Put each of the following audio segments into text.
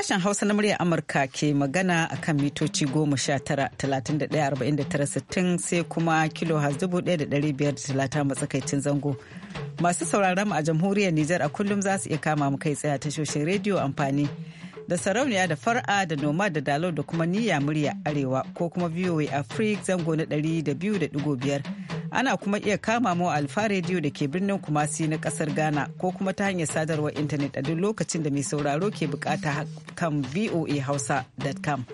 Sashen Hausa na murya Amurka ke magana a kan mitoci 19,31,49,60 sai kuma kilo talata matsakaicin zango. Masu sauraron mu a jamhuriyar Nijar a kullum za su iya kama mu kai tsaye tashoshin rediyo amfani. da sarauniya da far'a da noma da dalau da kuma niyya murya arewa ko kuma voa afrik zango na da da biyu biyar ana kuma iya kama mu alfa rediyo da ke birnin kumasi na kasar ghana ko kuma ta hanyar sadarwar intanet a duk lokacin da mai sauraro ke bukata kan voa hausa.com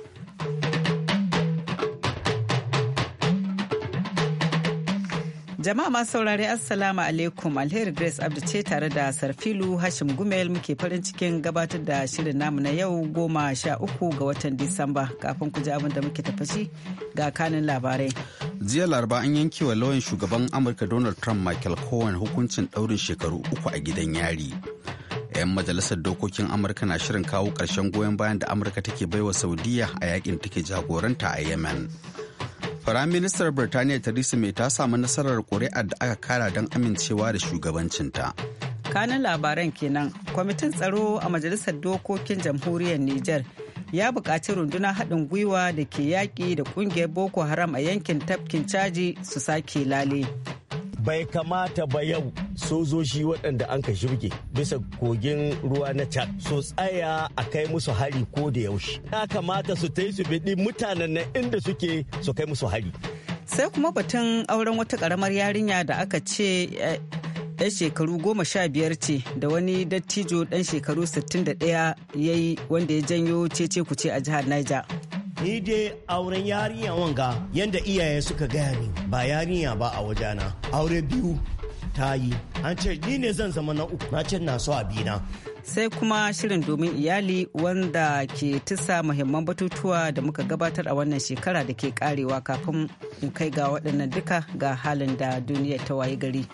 Jama'a masu saurari Assalamu alaikum Alheri Grace Abdu ce tare da Sarfilu Hashim Gumel muke farin cikin gabatar da shirin namu na yau goma sha uku ga watan Disamba kafin ku ji abin da muke tafashi ga kanin labarai. Jiya laraba an yanke wa lauyan shugaban Amurka Donald Trump Michael Cohen hukuncin ɗaurin shekaru uku a gidan yari. 'Yan majalisar dokokin Amurka na shirin kawo karshen goyon bayan da Amurka take baiwa Saudiya a yakin take jagoranta a Yemen. Firaministar Birtaniya Theresa May ta samu nasarar ƙuri'ar da aka kara don amincewa da shugabancinta. Kanin labaran kenan, kwamitin tsaro a Majalisar Dokokin Jamhuriyar Nijar ya buƙaci rundunar haɗin gwiwa da ke yaƙi da ƙungiyar Boko Haram a yankin tafkin caji su sake lale. bai kamata ba yau sojoji waɗanda an ka shirge bisa kogin ruwa na chad su tsaya a kai musu hari ko da yaushe ya kamata su ta su biɗi mutanen na inda suke su kai musu hari sai kuma batun auren wata ƙaramar yarinya da aka ce eh, yan shekaru goma sha biyar ce da wani dattijo dan shekaru 61 ya yi wanda ya janyo cece kuce a jihar niger ni dai auren yarinya wanga yanda iyaye suka gaya ni ba yarinya ba a wajena aure biyu ta yi an ce ni ne zan zama na uku na ce na so abina sai kuma shirin domin iyali wanda ke tisa muhimman batutuwa da muka gabatar a wannan shekara da ke karewa kafin in kai ga waɗannan duka ga halin da duniya ta waye gari.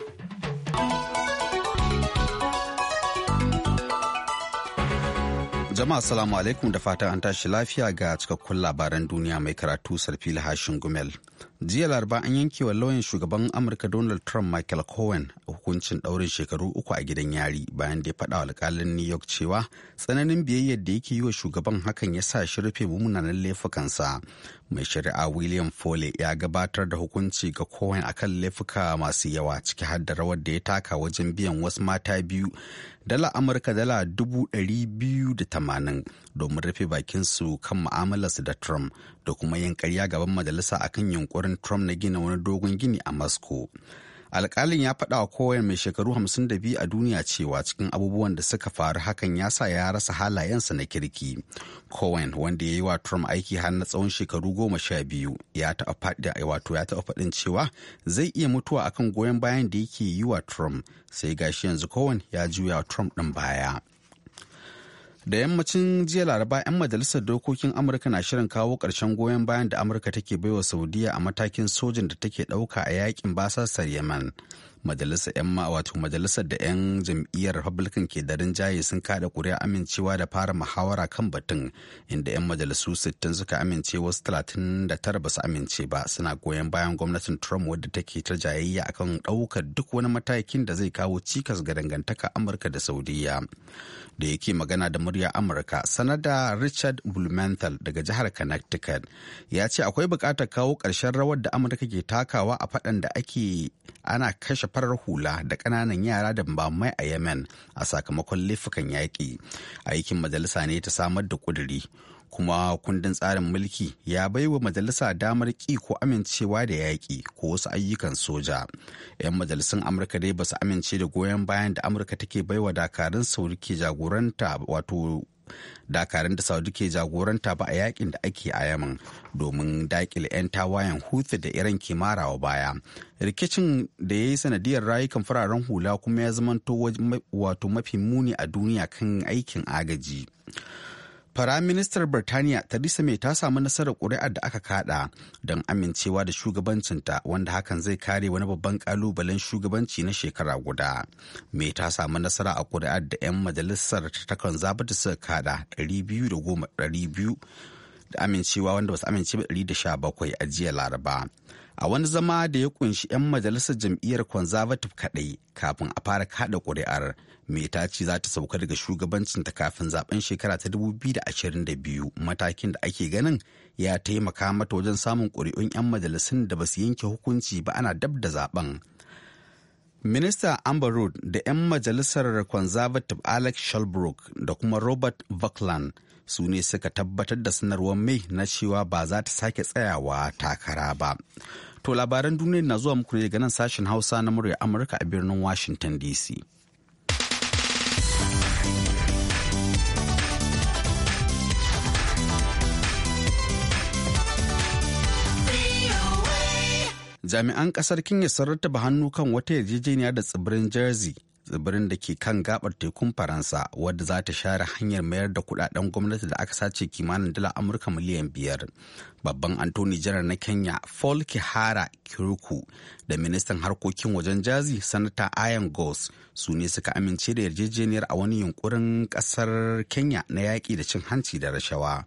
Jama'a salamu alaikum da fatan an tashi lafiya ga cikakkun labaran duniya mai karatu sarfi hashin gumel. Jiya laraba an yanke wa lauyan shugaban Amurka Donald Trump Michael Cohen a hukuncin daurin shekaru uku a gidan yari bayan da ya faɗa alƙalin New York cewa tsananin biyayyar da yake yi wa shugaban hakan ya sa shi rufe mummunan laifukansa. mai shari'a william foley ya gabatar da hukunci ga kowane akan laifuka masu yawa ciki har da rawar da ya taka wajen biyan wasu mata biyu dala amurka dala dubu domin rufe bakinsu kan mu'amalarsu da trump da kuma yin karya gaban majalisa akan yunkurin trump na gina wani dogon gini a moscow alkalin ya faɗa wa mai shekaru 52 a duniya cewa cikin abubuwan da suka faru hakan ya sa ya rasa halayensa na kirki cohen wanda ya yi wa trump aiki har na tsawon shekaru 12 ya taɓa faɗin cewa zai iya mutuwa akan goyon bayan da yake yi wa trump sai gashi yanzu cohen ya juya wa trump ɗin baya da yammacin jiya laraba 'yan majalisar dokokin amurka na shirin kawo ƙarshen goyon bayan da amurka take baiwa saudiya a matakin sojin da take ɗauka a yakin basasar yaman majalisar 'yan wato majalisar da 'yan jam'iyyar republican ke da rinjaye sun kada kuri'a amincewa da fara muhawara kan batun inda 'yan majalisu 60 suka amince wasu 39 ba su amince ba suna goyon bayan gwamnatin trump wadda take ta jayayya akan ɗaukar duk wani matakin da zai kawo cikas ga dangantaka amurka da saudiya da yake magana da murya amurka sanada richard blumenthal daga jihar connecticut ya ce akwai buƙatar kawo ƙarshen rawar da amurka ke takawa a faɗan da ake ana kashe farar hula da ƙananan yara da bamai a yemen a sakamakon laifukan yaƙi aikin majalisa ne ta samar da ƙuduri kuma kundin tsarin mulki ya baiwa majalisa damar ƙi ko amincewa da yaƙi ko wasu ayyukan soja. 'Yan majalisun Amurka dai ba su amince da goyon bayan da Amurka take baiwa dakarun sauri ke jagoranta wato dakarun da saudi ke jagoranta ba a yakin da ake a yaman domin dakile 'yan tawayen hutu da iran ke marawa baya rikicin da ya yi sanadiyar rayukan fararen hula kuma ya zamanto wato mafi muni a duniya kan aikin agaji Firaministar Birtaniya Theresa mai ta samu nasarar ƙuri'ar da aka kada don amincewa da shugabancinta wanda hakan zai kare wani babban ƙalubalen shugabanci na shekara guda. mai ta samu nasara a ƙuri'ar da 'yan majalisar ta takan zabata suka kada 210 da amincewa wanda basu amince ba 117 a jiya Laraba. a wani zama da ya kunshi 'yan majalisar jam'iyyar conservative kaɗai kafin a fara kada ƙuri'ar mai ta ce za ta sauka daga shugabancinta kafin zaben shekara ta 2022 matakin da ake ganin ya taimaka mata wajen samun ƙuri'un 'yan majalisun da ba su yanke hukunci ba ana dab da zaben minista amber road da 'yan majalisar conservative alex shelbrook da kuma robert buckland su ne suka tabbatar da sanarwar mai na cewa ba za ta sake tsayawa takara ba. To labaran duniya na zuwa muku ne daga nan sashen Hausa na murya Amurka a birnin Washington DC. Jami'an kasar Kenya sun rattaba hannu kan wata yarjejeniya da tsibirin Jersey tsibirin da ke kan gabar tekun faransa wadda za ta share hanyar mayar da kudaden gwamnati da aka sace kimanin dala amurka miliyan biyar babban antoni janar na kenya paul kihara kiruku da ministan harkokin wajen jazi sanata ayan gos su ne suka amince da yarjejeniyar a wani yunkurin kasar kenya na yaƙi da cin hanci da rashawa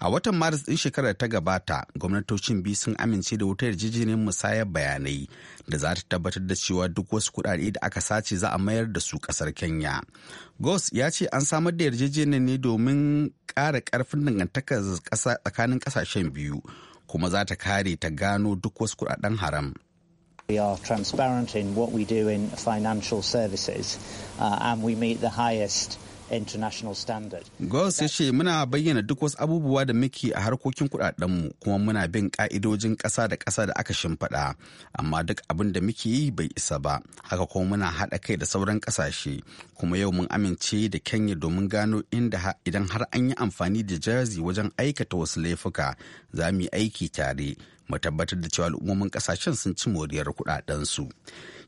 a watan maris ɗin shekarar ta gabata gwamnatocin biyu sun amince da wata yarjejeniyar musayar bayanai da za ta tabbatar da cewa duk wasu kuɗaɗe da aka sace za a mayar da su ƙasar kenya Gos ya ce an samar da yarjejeniyar ne domin ƙara ƙarfin dangantakar tsakanin ƙasashen biyu kuma za ta kare ta gano duk wasu kuɗaɗen haram. We are transparent in what we do in financial services uh, and we meet the highest international standard. ya ce muna bayyana duk wasu abubuwa da muke a harkokin kudadenmu kuma muna bin ka'idojin ƙasa da ƙasa da aka shimfiɗa amma duk abin da muke yi bai isa ba haka kuma muna haɗa kai da sauran ƙasashe kuma yau mun amince da Kenya domin gano inda idan har an yi amfani da jazi wajen aikata wasu laifuka za mu yi aiki tare mu tabbatar da cewa al'ummomin ƙasashen sun ci moriyar kudadensu. su.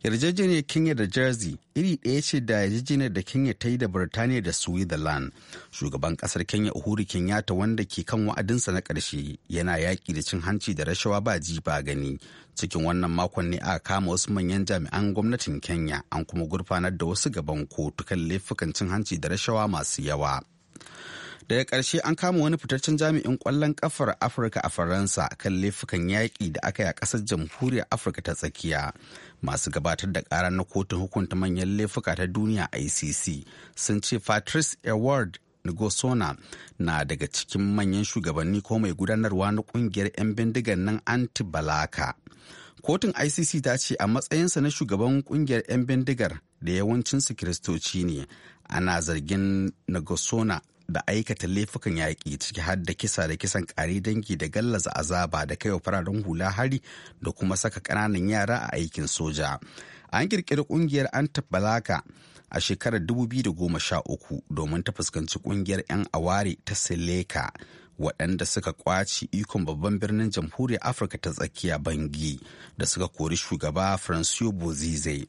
yarjejeniyar kenya da jersey iri ɗaya ce da yarjejeniyar da kenya ta yi da birtaniya da switzerland shugaban ƙasar kenya uhuru kenyatta wanda ke kan wa'adinsa na ƙarshe yana yaƙi da cin hanci da rashawa ba ji ba gani cikin wannan makon ne aka kama wasu manyan jami'an gwamnatin kenya an kuma gurfanar da wasu gaban kotu kan laifukan cin hanci da rashawa masu yawa daga karshe an kama wani fitaccen jami'in kwallon ƙafar afirka a faransa kan laifukan yaƙi da aka yi a ƙasar jamhuriyar afirka ta tsakiya masu gabatar da ƙara na kotun hukunta manyan laifuka ta duniya icc sun ce patrice award ngosona na daga cikin manyan shugabanni ko mai gudanarwa na kungiyar 'yan bindigan nan anti balaka kotun icc ta ce a matsayinsa na shugaban kungiyar 'yan bindigar da yawancinsu kiristoci ne ana zargin Ngozona. da aikata laifukan yaƙi ciki har da kisa da kisan ƙari dangi da gallaza azaba da kaiwa fararen hula hari da kuma saka ƙananan yara a aikin soja. An ƙirƙiri ƙungiyar an tabbalaka a shekarar 2013 domin ta fuskanci ƙungiyar 'yan aware ta Seleka waɗanda suka kwaci ikon babban birnin jamhuriyar afirka ta tsakiya bangi da suka kori shugaba francois bozize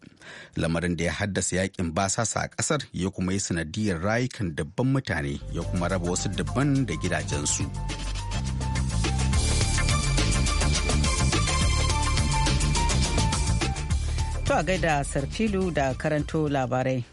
lamarin da ya haddasa yakin basasa a ƙasar ya kuma yi sanadiyar rayukan dabban mutane ya kuma raba wasu dabban da gidajensu To a gaida Sarfilu da karanto labarai.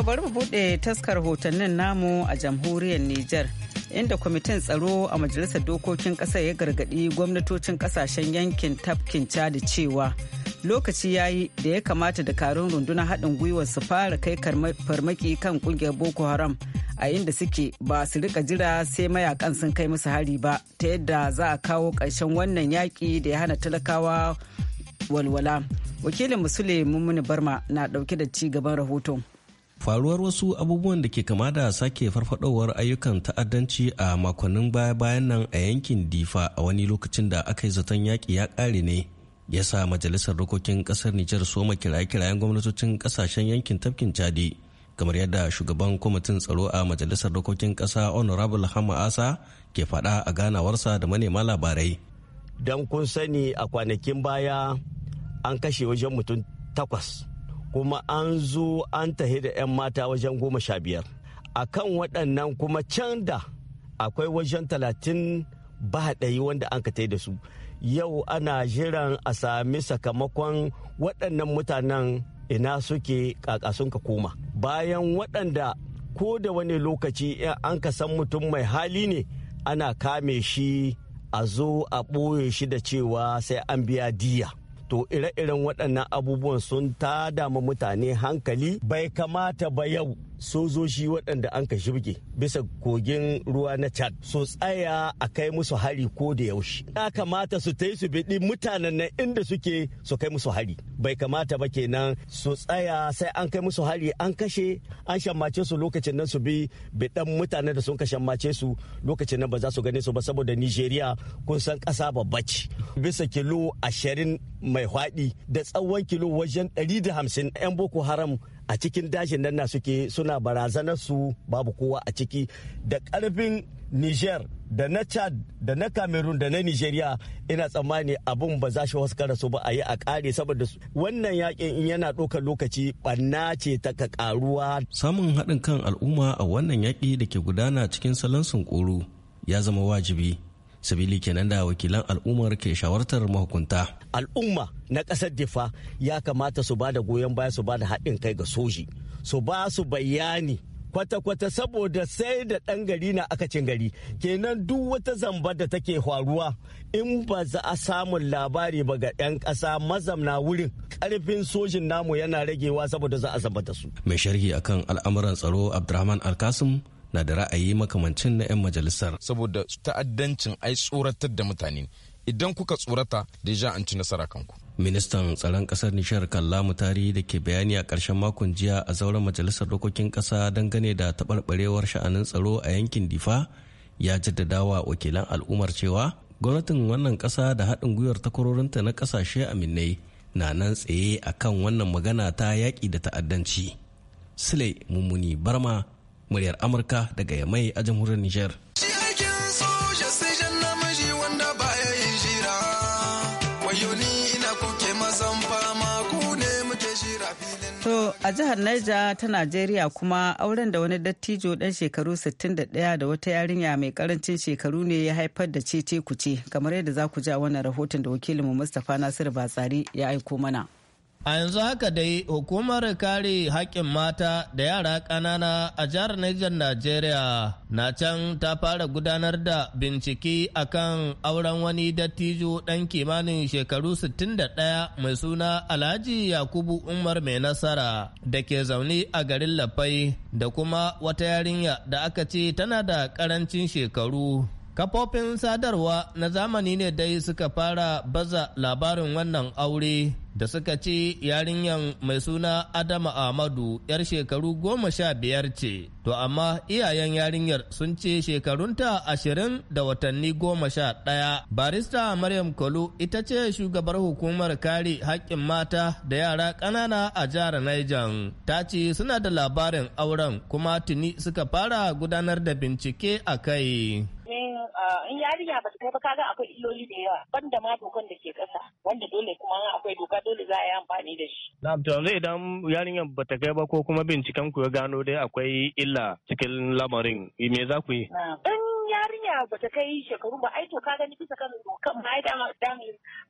To bari mu buɗe taskar hotonnin namu a jamhuriyar Nijar. Inda kwamitin tsaro a majalisar dokokin ƙasar ya gargaɗi gwamnatocin ƙasashen yankin tafkin Chad cewa lokaci ya yi da ya kamata da dakarun rundunar haɗin gwiwar su fara kai farmaki kan ƙungiyar Boko Haram a inda suke ba su rika jira sai mayakan sun kai musu hari ba ta yadda za a kawo ƙarshen wannan yaƙi da ya hana talakawa walwala. Wakilin Musule Mummuni Barma na ɗauke da ci gaban rahoton. faruwar wasu abubuwan da ke kama da sake farfadowar ayyukan ta'addanci a makonnin baya-bayan nan a yankin difa a wani lokacin da aka yi zaton yaƙi ya ƙare ne ya sa majalisar dokokin ƙasar nijar soma kiraye-kirayen gwamnatocin ƙasashen yankin tafkin chadi kamar yadda shugaban kwamitin tsaro a majalisar dokokin ƙasa honorable hama asa ke faɗa a ganawarsa da manema labarai don kun sani a kwanakin baya an kashe wajen mutum takwas kuma an zo an tahi da 'yan mata wajen goma sha biyar a kan waɗannan kuma can da akwai wajen talatin ba ɗayi wanda an ka da su yau ana jiran a sami sakamakon waɗannan mutanen ina suke kakasun ka koma bayan waɗanda ko da wani lokaci an ka san mutum mai hali ne ana kame shi a zo a ɓoye shi da cewa sai an biya diya to ire-iren waɗannan abubuwan sun ta dama mutane hankali bai kamata ba yau sojoji waɗanda an ka shirge bisa kogin ruwa na chad su tsaya a kai musu hari ko da yaushe ya kamata su ta yi su biɗi mutanen nan inda suke su kai musu hari bai kamata ba kenan su tsaya sai an kai musu hari an kashe an shammace su lokacin nan su bi biɗan mutanen da sun ka shammace su lokacin nan ba za su gane su ba saboda nigeria kun san ƙasa babba ce bisa kilo ashirin mai faɗi da tsawon kilo wajen ɗari da hamsin 'yan boko haram a cikin dashin nan na suke suna barazanar su babu kowa a ciki da karfin niger da na chad da na cameroon da na nigeria ina tsammani abin ba za shi wasu karasu ba a yi a kare saboda wannan yakin in yana ɗaukar lokaci ɓanna ce ta ka samun haɗin kan al'umma a wannan yaƙi da ke gudana cikin salon sunkuru ya zama wajibi sabili kenan da wakilan al'ummar ke shawartar mahukunta al'umma na ƙasar difa ya kamata su ba da goyon baya su ba da haɗin kai ga soji su ba su bayani kwata-kwata saboda sai da ɗan gari na aka cin gari kenan duk wata zamba da take faruwa in ba za a samun labari ba ga 'yan ƙasa mazamna wurin ƙarfin sojin namu yana ragewa saboda za a zamba da su mai sharhi akan al'amuran tsaro abdurrahman alkasim na da ra'ayi makamancin na 'yan majalisar. Saboda ta'addancin ai tsoratar da mutane idan kuka tsorata da an ci nasara kanku. Ministan tsaron kasar Nishar Kalla Mutari da ke bayani a karshen makon jiya a zauren majalisar dokokin ƙasa dangane da taɓarɓarewar sha'anin tsaro a yankin Difa ya jaddadawa wakilan al'ummar cewa gwamnatin wannan ƙasa da haɗin gwiwar takwarorinta na ƙasashe aminai na nan tsaye akan wannan magana ta yaƙi da ta'addanci. Sule Mummuni Barma muryar amurka daga yamai a jamhuriyar niger To a jihar Naija ta Najeriya kuma auren da wani dattijo dan shekaru 61 da wata yarinya mai karancin shekaru ne ya haifar da cece ce kamar yadda za ku ja wannan rahoton da wakilinmu Mustapha Nasiru Batsari ya aiko mana. A yanzu haka dai hukumar kare haƙƙin mata da yara ƙanana a jihar Niger Najeriya na can ta fara gudanar da bincike akan auren wani dattijo ɗan kimanin shekaru 61 mai suna Alhaji Yakubu Umar mai nasara da ke zaune a garin Lafai da kuma wata yarinya da aka ce tana da ƙarancin shekaru. Kafofin sadarwa na zamani ne dai suka fara baza labarin wannan aure da suka ce yarinyan mai suna Adama Amadu 'yar shekaru goma sha biyar ce, to amma iyayen yarinyar sun ce shekarunta ashirin da watanni goma sha ɗaya. Barista Maryam Kolo ita ce shugabar hukumar kare haƙƙin mata da yara ƙanana a jihar Niger. Ta ce suna da labarin auren kuma tuni suka fara gudanar da bincike a kai. in yarinya ba ta kai ba kaga akwai illoli da yawa banda ma dokan da ke kasa wanda dole kuma akwai doka dole za a yi amfani da shi. Na'am to yanzu idan yarinyar ba ta kai ba ko kuma binciken ku ya gano dai akwai illa cikin lamarin me za ku yi? In yarinya ba ta kai shekaru ba ai to ka gani bisa kan dokan ma ai dama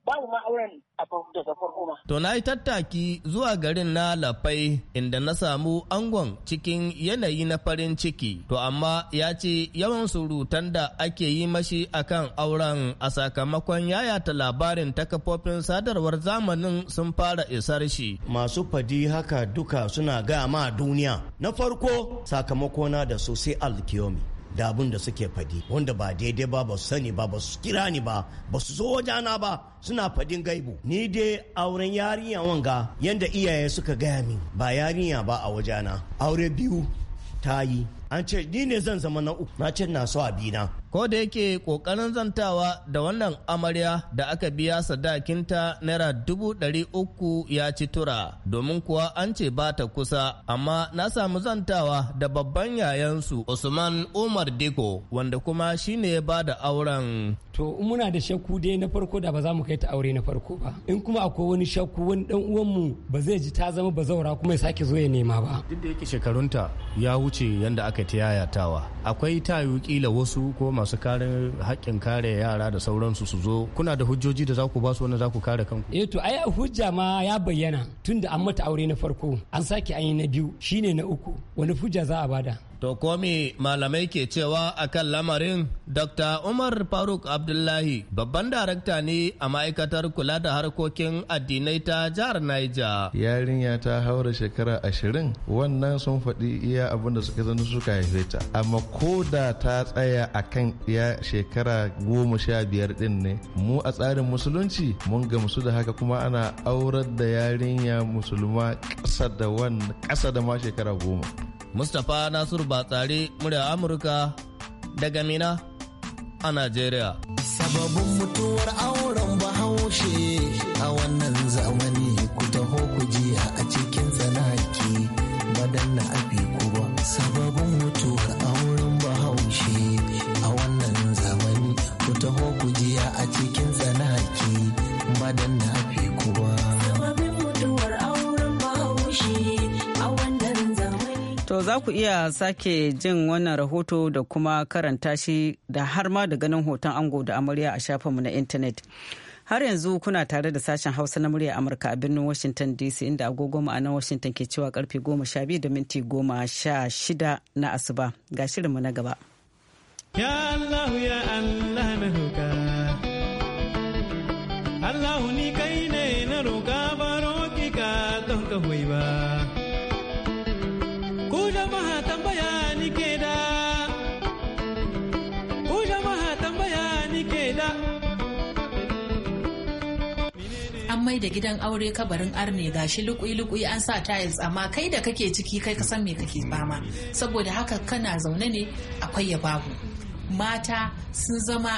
babu ma auren a daga farko ma. To na yi tattaki zuwa garin na Lafai inda na samu angon cikin yanayi na farin ciki to amma ya ce yawan surutan da ake yi mashi akan auren a sakamakon yayata labarin ta kafofin sadarwar zamanin sun fara isar shi. Masu fadi haka duka suna gaya ma duniya na farko sakamakona da sosai alkiyomi da abin da suke fadi wanda ba daidai ba ba su sani ba ba su kira ni ba ba su zo wajana ba suna fadin gaibu ni dai auren yarinya wanga yanda iyaye suka gaya min ba yarinya ba a wajana aure biyu ta yi an ce ni ne zan zama na uku na ce na so abina ko da yake kokarin zantawa da wannan amarya da aka biya sadakinta naira dubu ɗari uku ya ci tura domin kuwa an ce ba ta kusa amma na samu zantawa da babban yayansu usman umar diko wanda kuma shine ya ba da auren to muna da shakku dai na farko da ba za mu kai ta aure na farko ba in kuma akwai wani shakku wani dan uwanmu ba zai ji ta zama bazaura kuma ya sake zo ya nema ba duk da yake shekarunta ya wuce yanda aka aka ta yayatawa akwai tayu kila wasu ko masu kare haƙƙin kare yara da sauransu su zo kuna da hujjoji da za ku ba su wani za ku kare kanku eh to ai hujja ma ya bayyana tunda an mata aure na farko an sake an yi na biyu shine na uku wani hujja za a bada To komi malamai ke cewa akan lamarin Dr. Umar Faruk Abdullahi babban darakta ne a ma'aikatar kula da harkokin addinai ta jihar Naija. Yarinya ta haura shekara ashirin wannan sun faɗi iya abin da suka zanu suka haife ta. Amma ko da ta tsaya a kan iya shekara goma sha biyar ɗin ne mu a tsarin musulunci mun gamsu da haka kuma ana aurar da yarinya musulma kasa da ma shekara goma. Mustapha Nasiru Batsari murya Amurka daga Mina a Najeriya. Sababin mutuwar auren bahaushe a wannan zamani. To za ku iya sake jin wannan rahoto da kuma karanta shi da har ma da ganin hoton ango da amarya a shafinmu na intanet. Har yanzu kuna tare da sashen Hausa na murya Amurka a birnin Washington DC inda agogo ma'anar Washington ke cewa karfe goma sha biyu da minti goma sha shida na asuba ga shirinmu na gaba. Ya Allah ya Allah na Allah ni kai mai da gidan aure kabarin arne shi lukui-lukui an sa tiles amma kai da kake ciki kai ka san me kake fama saboda haka kana zaune ne akwai ya babu mata sun zama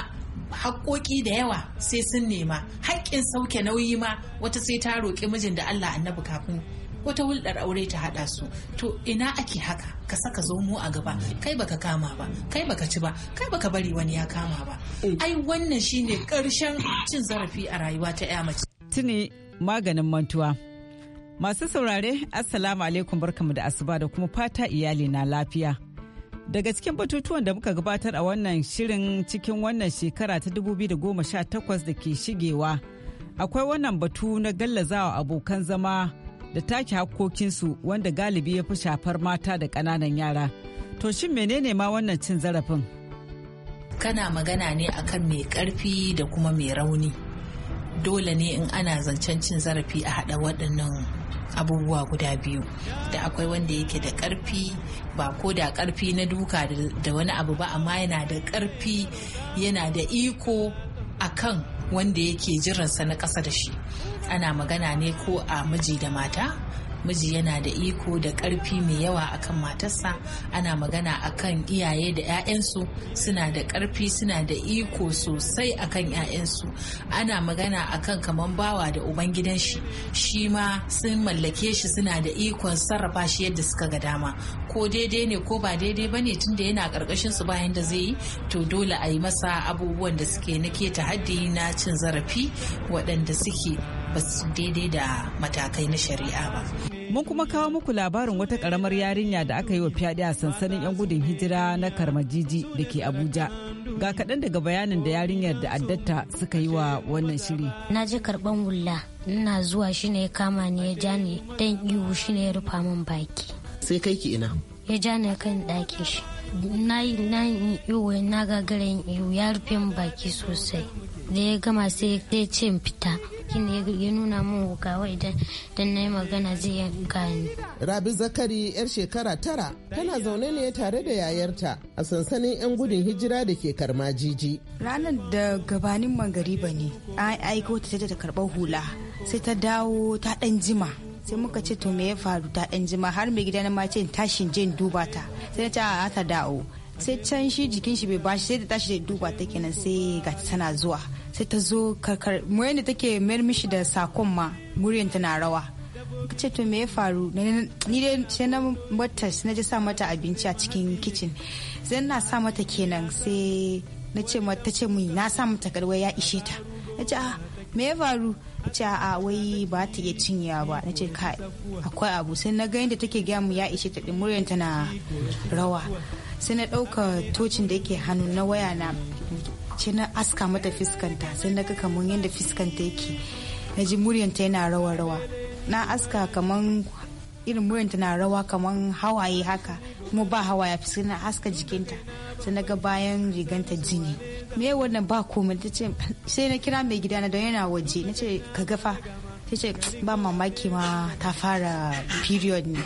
haƙoƙi da yawa sai sun nema haƙƙin sauke nauyi ma wata sai ta roƙi mijin da Allah annabi kafin wata hulɗar aure ta haɗa su to ina ake haka ka saka zomo a gaba kai baka kama ba kai baka ci ba kai baka bari wani ya kama ba mm. ai wannan shine ƙarshen cin zarafi a rayuwa ta ya mace tuni ne maganin mantuwa. Masu saurare, Assalamu alaikum barkamu da asuba da kuma fata iyali na lafiya. Daga cikin batutuwan da muka gabatar a wannan shirin cikin wannan shekara ta 2018 da ke shigewa, akwai wannan batu na gallazawa abokan zama da take hakkokinsu wanda galibi ya fi shafar mata da ƙananan yara. To shin menene ma wannan cin zarafin? Kana magana ne akan mai ƙarfi da kuma mai rauni. dole ne in ana zancen cin zarafi a haɗa waɗannan abubuwa guda biyu da akwai wanda yake da ƙarfi ba ko da ƙarfi na duka da wani abu ba amma yana da ƙarfi yana da iko a kan wanda yake jiransa na ƙasa da shi ana magana ne ko a miji da mata miji yana da iko da karfi mai yawa akan matarsa ana magana akan iyaye da 'ya'yansu suna da karfi suna da iko sosai akan 'ya'yansu ana magana akan kaman bawa da ubangidan shi shi ma sun mallake shi suna da ikon sarrafa shi yadda suka ga dama ko daidai ne ko ba daidai ba ne tunda yana karkashin su bayan da zai yi to dole a yi masa abubuwan da suke na ta haddi na cin zarafi waɗanda suke ba su daidai da matakai na shari'a ba. Mun kuma kawo muku labarin wata karamar yarinya da aka yi wa fyaɗe a sansanin 'yan gudun hijira na Karmajiji da ke Abuja. Ga kaɗan daga bayanin da yarinyar da addatta suka yi wa wannan shiri. Na je karɓan wulla, ina zuwa shi ne kama ni ya ja ni dan ihu shi ne ya rufa min baki. Sai kai ki ina? Ya ja ni kan ɗakin shi. Na yi na yi ihu na gagarin yin ihu ya rufe min baki sosai. da ya gama sai ya ce fita shine ya nuna mun wuka wai idan na yi magana zai gani. Rabi Zakari yar shekara tara tana zaune ne tare da yayarta a sansanin 'yan gudun hijira da ke karma jiji. Ranar da gabanin mangariba ne an aiko ta da karɓar hula sai ta dawo ta ɗan jima sai muka ce to me ya faru ta ɗan jima har mai gidana ma ce tashin jin duba ta sai ta ta dawo sai can shi jikin shi bai bashi sai da tashi da duba ta kenan sai ga tana zuwa sai ta zo karkar muryar da take mayar mishi da sakon ma muryar tana rawa ka ce to me ya faru ni dai sai na mata na ji sa mata abinci a cikin kicin sai na sa mata kenan sai na ce mata ce mu na sa mata garwa ya ishe ta na ce a ah, me ya faru ce a wai ba ta iya cinyewa ba na ce kai akwai abu sai na ga yadda take gaya mu ya ishe ta din muryar tana rawa sai na ɗauka tocin da yake hannu na waya na ce na aska mata fiskanta sai na ga kamar yadda fiskanta yake na ji muryanta yana rawa-rawa na aska kamar irin muryanta na rawa kamar hawaye haka kuma ba hawaye fi na aska jikinta sai na ga bayan riganta jini me wannan ba komai ta ce sai na kira mai gidana don yana waje na ce ka gafa ta ce ba mamaki ma ta fara period ne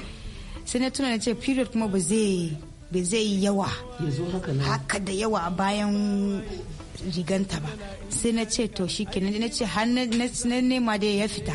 sai na tuna na ce period kuma ba zai ba zai yawa haka da yawa bayan riganta ba sai na ce to shi kenan na ce na nema da ya fita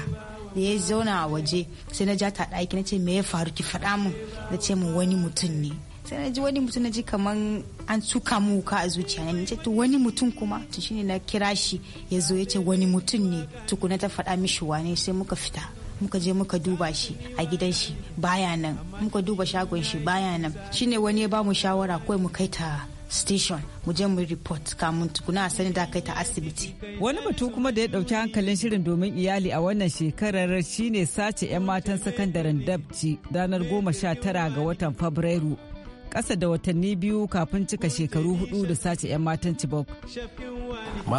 da ya zauna a waje sai na ja ta ɗaki na ce me ya faru ki faɗa mu na ce mu wani mutum ne sai na ji wani mutum na ji kaman an suka mu wuka a zuciya na ce to wani mutum kuma to shine na kira shi ya zo ya ce wani mutum ne tukuna ta faɗa mishi wane sai muka fita muka je muka duba shi a gidan shi baya nan muka duba shagon shi baya nan shine wani ya bamu shawara kawai mu kai ta station mu je mu report kamun tukuna a sani da kai ta asibiti. Wani batu kuma da ya dauki hankalin shirin domin iyali a wannan shekarar shine sace 'yan matan sakandaren dabci ranar goma sha tara ga watan Fabrairu kasa da watanni biyu kafin cika shekaru hudu da sace 'yan matan Chibok.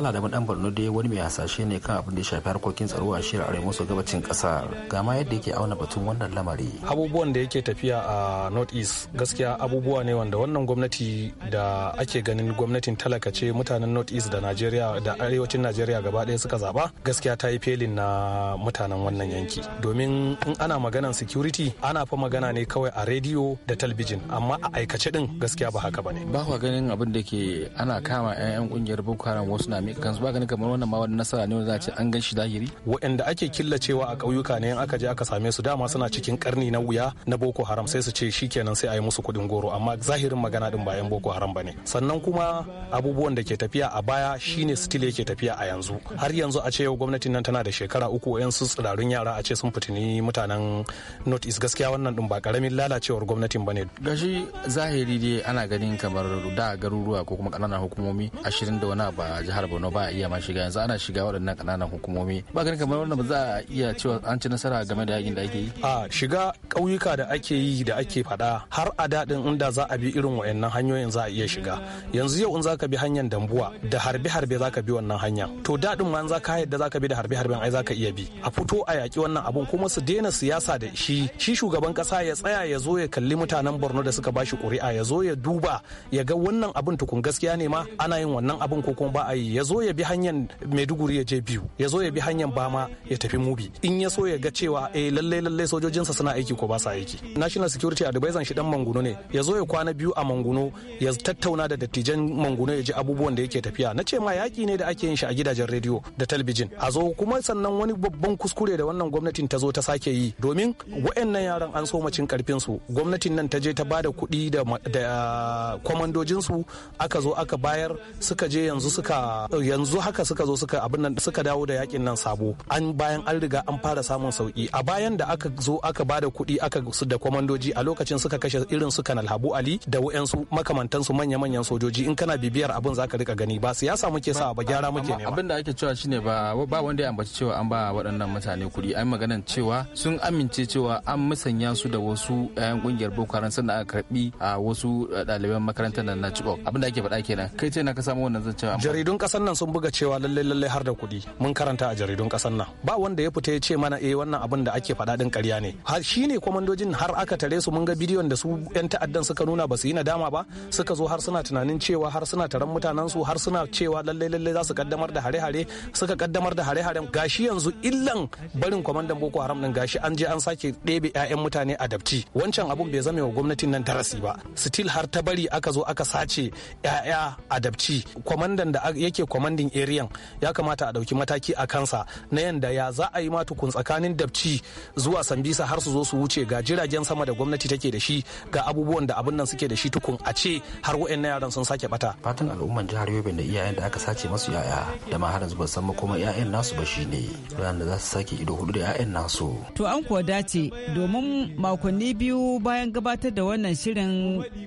da dan Borno dai wani mai hasashe ne kan abin da ya shafi harkokin tsaro a shirin arewa maso gabacin kasa Ga ma yadda yake auna batun wannan lamari. Abubuwan da yake tafiya a North East gaskiya abubuwa ne wanda wannan gwamnati da ake ganin gwamnatin talaka ce mutanen North East da Najeriya da arewacin Najeriya gaba ɗaya suka zaba gaskiya ta yi felin na mutanen wannan yanki. Domin in ana maganan security ana fa magana ne kawai a rediyo da talbijin amma a aikace din gaskiya ba haka bane ba kwa ganin abin da ke ana kama ƴaƴan kungiyar Boko Haram wasu na mika kansu ba ganin kamar wannan ma wani nasara ne wanda a ce an gan shi zahiri waɗanda ake killacewa a ƙauyuka ne in aka je aka same su dama suna cikin karni na wuya na Boko Haram sai su ce shikenan sai a yi musu kuɗin goro amma zahirin magana din ba ƴan Boko Haram bane sannan kuma abubuwan da ke tafiya a baya shine still yake tafiya a yanzu har yanzu a ce yau gwamnatin nan tana da shekara uku yan su tsirarun yara a ce sun fitini mutanen North East gaskiya wannan din ba karamin lalacewar gwamnatin bane gashi zahiri dai ana ganin kamar da garuruwa ko kuma kananan hukumomi ashirin da wani ba jihar borno ba a iya ma shiga yanzu ana shiga waɗannan kananan hukumomi ba ganin kamar wannan ba za a iya cewa an ci nasara game da yakin da ake yi a shiga ƙauyuka da ake yi da ake faɗa har a daɗin inda za a bi irin wayannan hanyoyin za a iya shiga yanzu yau in za ka bi hanyar dambuwa da harbe harbe za ka bi wannan hanya to daɗin ma in za ka yadda za ka bi da harbe harben ai za ka iya bi a fito a yaƙi wannan abun kuma su daina siyasa da shi shi shugaban ƙasa ya tsaya ya zo ya kalli mutanen borno da suka bashi kuri'a ya zo ya duba ya ga wannan abin tukun gaskiya ne ma ana yin wannan abin ko kuma ba a yi ya zo ya bi hanyar maiduguri ya je biyu ya zo ya bi hanyar bama ya tafi mubi in ya so ya ga cewa eh lallai lallai sojojinsa suna aiki ko ba sa aiki national security advisor shi dan manguno ne ya zo ya kwana biyu a manguno ya tattauna da dattijan manguno ya ji abubuwan da yake tafiya na ce ma yaki ne da ake yin shi a gidajen rediyo da talabijin. a zo kuma sannan wani babban kuskure da wannan gwamnatin ta zo ta sake yi domin wa'annan yaran an so macin karfin su gwamnatin nan ta je ta bada kuɗi da ah, kwamandojinsu aka zo aka bayar suka je yanzu suka yanzu haka suka zo suka abin nan suka dawo da yakin nan sabo an bayan an riga an fara samun sauki a bayan da aka zo aka bada kuɗi aka su da kwamandoji a lokacin suka kashe irin su kanal habu ali da wayansu makamantansu manya-manyan sojoji in kana bibiyar abin zaka rika gani ba siyasa muke sa ba gyara muke nema abin da ake cewa shine ba ba wanda ya ambaci cewa an ba waɗannan mutane kuɗi an maganan cewa sun amince cewa an musanya su da wasu ƴan kungiyar boko haram sannan aka karbi a wasu ɗaliban makarantar nan na Chibok abin da ake faɗa kenan kai ce na ka samu wannan zancen jaridun ƙasar nan sun buga cewa lalle lalle har da kuɗi mun karanta a jaridun ƙasar nan ba wanda ya fita ya ce mana eh wannan abin da ake faɗa din ƙarya ne har ne komandojin har aka tare su mun ga bidiyon da su yan ta'addan suka nuna ba su yi nadama ba suka zo har suna tunanin cewa har suna taron mutanen su har suna cewa lalle lalle za su kaddamar da hare-hare suka kaddamar da hare-haren gashi yanzu illan barin kwamandan Boko Haram din gashi an je an sake ɗebe 'ya'yan mutane a dabci wancan abun bai zame wa gwamnatin nan darasi ba still har ta bari aka zo aka sace 'ya'ya a dabci kwamandan da yake kwamandin eriyan ya kamata a ɗauki mataki a kansa na yanda ya za a yi ma tukun tsakanin dabci zuwa sambisa har su zo su wuce ga jiragen sama da gwamnati take da shi ga abubuwan da abin nan suke da shi tukun a ce har wa'annan yaran sun sake bata fatan al'umman jihar yobe da iyayen da aka sace masu 'ya'ya da ma har yanzu ba san kuma 'ya'yan nasu ba shine ran da za su sake ido hudu da 'ya'yan nasu to an kuwa dace domin makonni biyu bayan gabatar da wannan shirin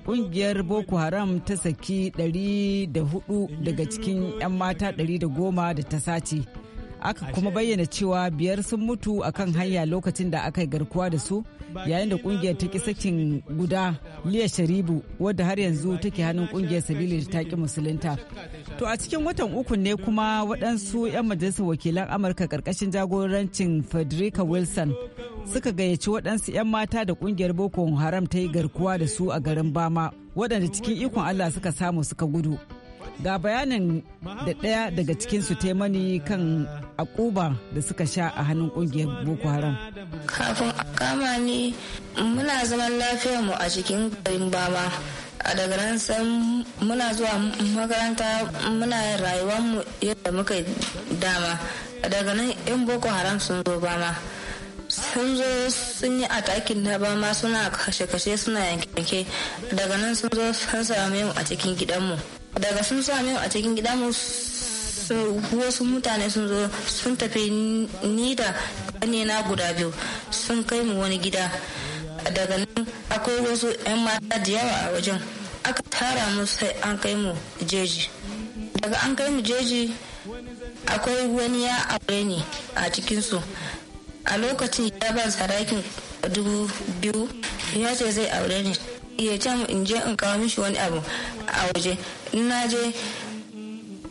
kungiyar boko haram ta saki 400 daga cikin 'yan mata 110 da ta sace aka kuma bayyana cewa biyar sun mutu a kan hanya lokacin da aka yi garkuwa da su yayin da kungiyar ta ki sakin guda liya sharibu wadda har yanzu take hannun kungiyar sabili ta ki musulunta to a cikin watan uku ne kuma waɗansu 'yan majalisar wakilan amurka karkashin jagorancin federica wilson suka gayyaci waɗansu 'yan mata da kungiyar boko haram ta yi garkuwa da su a garin bama waɗanda cikin ikon allah suka samu suka gudu ga bayanin da ɗaya daga cikinsu taimani kan akuba da suka sha a hannun ƙungiyar boko haram kafin a kama ni muna zaman lafiyar mu a cikin garin bama a daga nan sai muna zuwa makaranta muna yin rayuwar mu yadda muka dama a daga nan yan boko haram sun zo bama sun zo sun yi takin na ba ma suna kashe-kashe suna yanke daga nan sun zo sun same mu a cikin gidanmu daga sun same mu a cikin gida mu wasu mutane sun zo sun tafi ni da na guda biyu sun kai mu wani gida daga nan akwai wasu 'yan mata da yawa a wajen aka tara mu sai an kai mu jeji daga an kai mu jeji akwai wani ya aure ni a cikinsu a lokacin ya ban sarakin dubu biyu ya ce zai aure ni. ya ce in je in kawo mishi wani abu a waje na je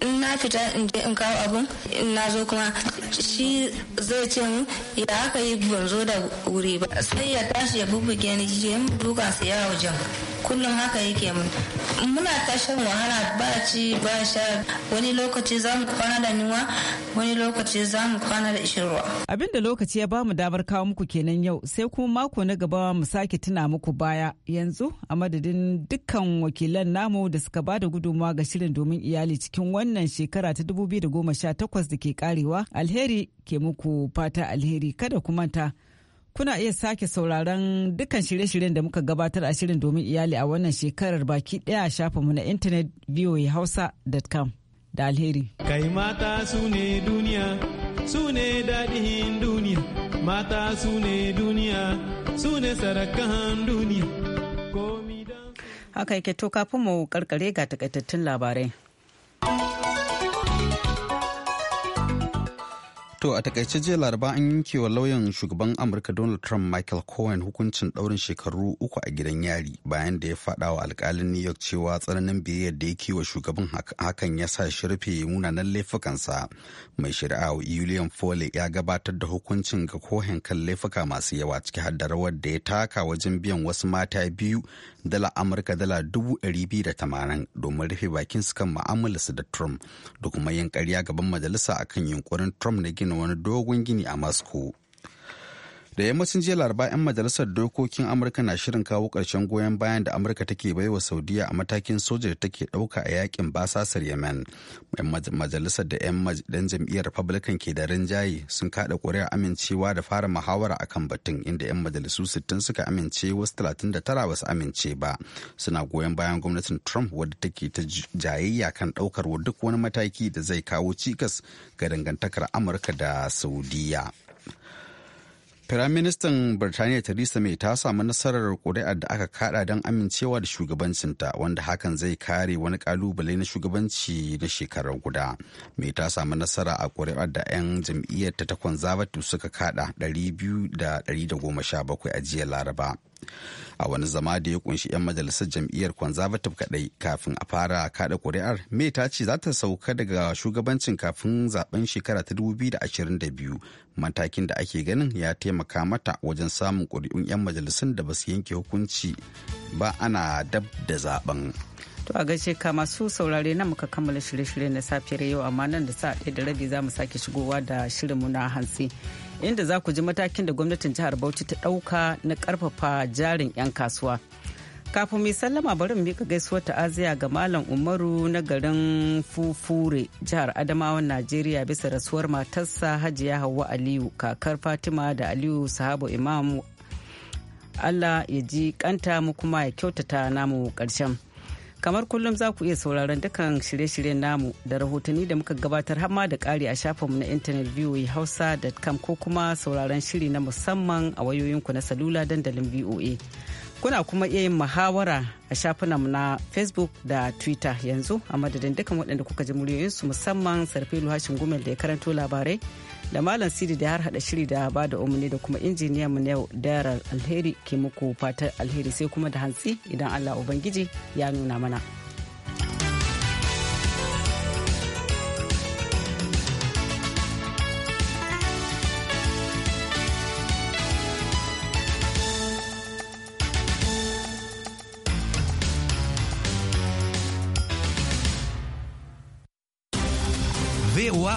in na fita in je in kawo abin na zo kuma shi zai ce mu ya aka yi ban zo da wuri ba sai ya tashi ya bubuge ni je mu duka su ya wajen kullum haka yake mun muna tashin wahala ba ci ba sha wani lokaci za mu kwana da niwa wani lokaci za mu kwana da ishirwa abin da lokaci ya ba mu damar kawo muku kenan yau sai kuma mako na gaba mu sake tuna muku baya yanzu a madadin dukkan wakilan namu da suka ba da gudunmawa ga shirin domin iyali cikin wani wannan shekara ta 2018 da ke karewa alheri ke muku fata alheri kada kuma ta kuna iya sake sauraron dukkan shirye-shiryen da muka gabatar a shirin domin iyali a wannan shekarar baki daya a shafinmu na intanet voahausa.com da alheri kai mata su ne duniya su ne daɗin duniya mata su ne duniya su ne sarakan duniya haka yake to kafin mu karkare ga takaitattun labarai Thank you. To a takaice jiya laraba an yanke wa lauyan shugaban Amurka Donald Trump Michael Cohen hukuncin ɗaurin shekaru uku a gidan yari bayan da ya faɗa wa alkalin New York cewa tsananin biyayyar da yake wa shugaban hakan ya sa shi rufe munanan laifukansa. Mai shari'a William Foley ya gabatar da hukuncin ga Cohen kan laifuka masu yawa ciki har da rawar da ya taka wajen biyan wasu mata biyu dala Amurka dala dubu ɗari biyu da tamanin domin rufe bakin su kan mu'amalarsu da Trump da kuma yin ƙarya gaban majalisa akan yunkurin Trump na gina wani dogon gini a Moscow. da yammacin jiya laraba 'yan majalisar dokokin amurka na shirin kawo ƙarshen goyon bayan da amurka take baiwa saudiya a matakin soja da take ɗauka a yakin basasar yemen majalisar da 'yan jam'iyyar republican ke da rinjaye sun kada ƙuri'a amincewa da fara muhawara akan batun inda 'yan majalisu 60 suka amince wasu 39 ba su amince ba suna goyon bayan gwamnatin trump wadda take ta jayayya kan ɗaukar duk wani mataki da zai kawo cikas ga dangantakar amurka da saudiya. Firaministan Birtaniya Theresa May ta samu nasarar ƙuri'ar da aka kada don amincewa da shugabancinta wanda hakan zai kare wani kalubale na shugabanci na shekarar guda. May ta samu nasara a ƙuri'ar da 'yan jam'iyyar ta ta zabatu suka kada 217 a jiya Laraba. a wani zama da ya kunshi 'yan majalisar jam'iyyar conservative kadai kafin a fara kada kuri'ar mai ta ce za ta sauka daga shugabancin kafin zaben shekara ta 2022 matakin da ake ganin ya taimaka mata wajen samun kuri'un 'yan majalisun da ba su yanke hukunci ba ana dab da zaben To a gaishe ka masu saurare na muka kammala shirye-shirye na safiyar yau amma nan da sa'a ɗaya da rabi za mu sake shigowa da shirinmu na hantsi. inda za ku ji matakin da gwamnatin jihar Bauchi ta ɗauka na ƙarfafa jarin 'yan kasuwa. Kafin mai sallama bari mu mika gaisuwar ta'aziya ga Malam Umaru na garin Fufure jihar Adamawan Najeriya bisa rasuwar matarsa Hajiya Hauwa Aliyu kakar Fatima da Aliyu Sahabo Imam Allah ya ji kanta mu kuma ya kyautata namu ƙarshen. kamar kullum za ku iya sauraron dukkan shirye-shiryen namu da rahotanni da muka gabatar ma da ƙari a shafinmu na intanet voahausa.com ko kuma sauraron shiri na musamman a wayoyinku na salula dandalin voa kuna kuma iya yin muhawara a shafinan na facebook da twitter yanzu a madadin dukkan waɗanda kuka ji muryoyinsu musamman sarfilu hashin gumel da ya karanto labarai da malam sidi da har hada shiri da ba da umarni da kuma injiniya mu yau dara alheri ke muku fatar alheri sai kuma da hantsi idan allah ubangiji ya nuna mana.